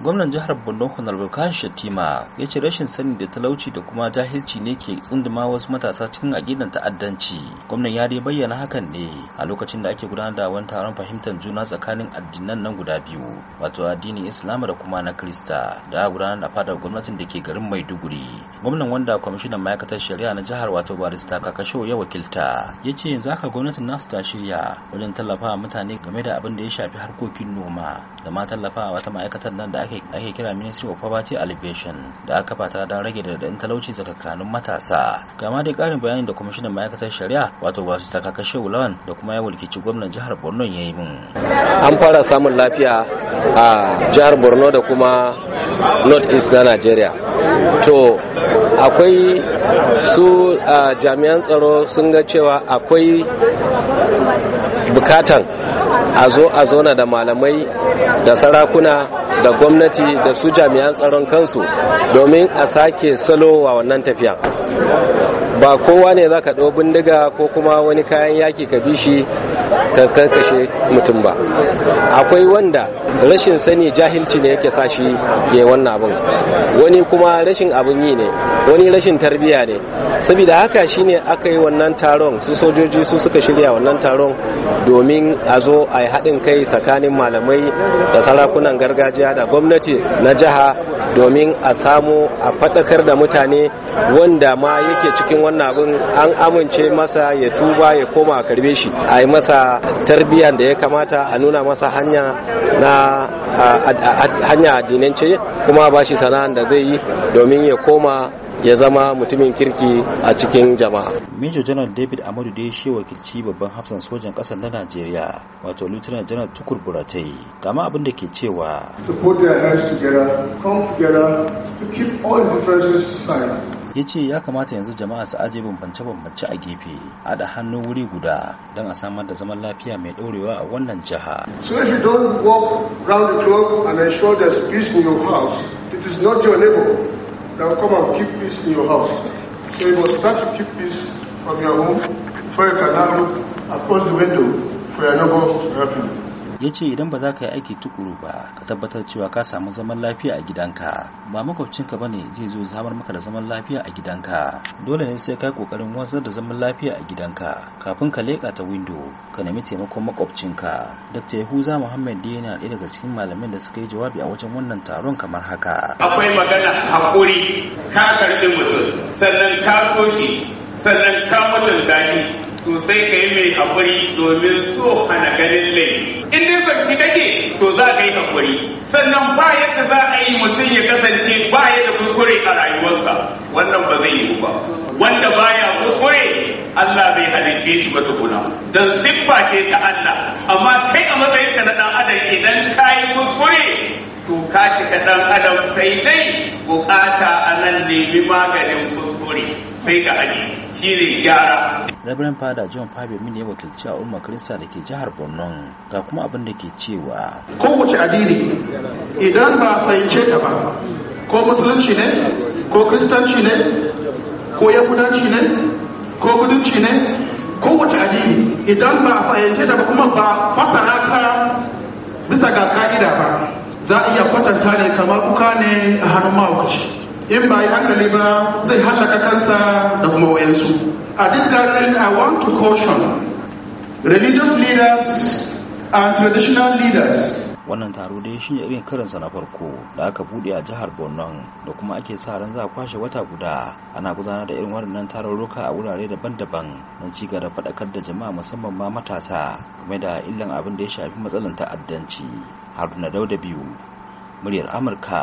gwamnan jihar borno kwanar kashi shatima ya ce rashin sani da talauci da kuma jahilci ne ke tsinduma wasu matasa cikin aƙidan ta'addanci gwamnan ya dai bayyana hakan ne a lokacin da ake gudanar da wani taron fahimtar juna tsakanin addinan nan guda biyu wato addinin islam da kuma na krista da a gudanar a fadar gwamnatin da ke garin maiduguri gwamnan wanda kwamishinan ma'aikatar shari'a na jihar wato barista kakasho ya wakilta ya ce yanzu haka gwamnatin nasu ta shirya wajen tallafawa mutane game da abin da ya shafi harkokin noma da ma tallafa wata ma'aikatar nan da ake kira Ministry of Poverty Alleviation da aka fata don rage daɗin talauci tsakanin matasa. kama da karin bayani da kwamishinan ma'aikatar shari'a wato wasu takakashe ulawan da kuma ya wulkici gwamnan jihar Borno ya yi min. An fara samun lafiya a jihar Borno da kuma North East na Nigeria. To akwai su jami'an tsaro sun ga cewa akwai bukatan a zo a zona da malamai da sarakuna da gwamnati da su jami'an tsaron kansu domin a sake salo wa wannan tafiya ba kowa ne za ka ɗau bindiga ko kuma wani kayan yaki ka bi shi ka karkashe mutum ba akwai wanda rashin sani jahilci ne yake sa shi ya wannan abin wani kuma rashin abin yi ne wani rashin tarbiya ne saboda haka shine aka yi wannan taron su sojoji su suka shirya wannan taron domin a zo a yi haɗin kai tsakanin malamai da sarakunan gargajiya da gwamnati na jiha domin a samu a faɗakar da mutane wanda ma yake cikin wannan abin an amince masa ya tuba ya koma a karbe shi a yi masa tarbiyyar da ya kamata a nuna masa hanya na hanya addinance kuma ba shi sana'ar da zai yi domin ya koma ya zama mutumin kirki a cikin jama'a. Major General David Amadu dai shi wakilci babban hafsan sojan ƙasar na Najeriya, wato Lieutenant General Tukur Buratai, kama abin da ke cewa. To put their together, come together to keep all differences aside. ya ce ya kamata yanzu jama'a su aje bambance-bambance a gefe haɗa hannu wuri guda don a samar da zaman lafiya mai ɗorewa a wannan jiha. So if you don't walk round the clock and ensure there's peace in your house, it is not your neighbor that come and keep peace in your house. So you must start to keep peace from your home before you can now approach the window for your neighbor to help you. ya ce idan ba za ka yi aiki tukuru ba ka tabbatar cewa ka samu zaman lafiya a gidanka ba makwabcinka ba ne zai zo samar maka da zaman lafiya a gidanka dole ne sai ka yi kokarin wanzar da zaman lafiya a gidanka kafin ka leƙa ta windo ka nemi taimakon makwabcinka dr yahuza muhammad da yana ɗaya daga cikin malamin da suka yi jawabi a wajen wannan taron kamar haka akwai magana hakuri ka karɓi mutum sannan ka so shi sannan ka mutunta shi to sai ka yi mai haƙuri domin so hana ganin lai. in dai sabci kake to za ka yi haƙuri sannan ba yadda za a yi mutum ya kasance ba yadda da kuskure a rayuwarsa wannan ba zai yi ba wanda baya kuskure Allah bai halicce shi ba tukuna dan siffa ce ta Allah amma kai a matsayin ka na ɗan adam idan ka yi kuskure to ka cika ɗan adam sai dai bukata a nan nemi maganin kuskure sai ka aji shi ne gyara Reverend Father John Fabe Mini ya wakilci a umar Kirista da ke jihar Borno ga kuma abin da ke cewa. Kowace addini idan ba fahimce ta ba ko musulunci ne ko kristanci ne ko yahudanci ne ko gudunci ne kowace addini idan ba fahimce ta ba kuma ba fasara ta bisa ga ka'ida ba za a iya kwatanta ne kamar kuka ne a hannun mawukaci. in ba yi hankali ba zai hallaka kansa da kuma wayansu a this gathering i want to caution religious leaders and traditional leaders wannan taro dai shi ne irin karinsa na farko da aka bude a jihar borno da kuma ake sa ran za a kwashe wata guda ana gudanar da irin waɗannan tarurruka a wurare daban-daban don ci da faɗakar da jama'a musamman ma matasa game da illan abin da ya shafi matsalar ta'addanci haruna dauda biyu muryar amurka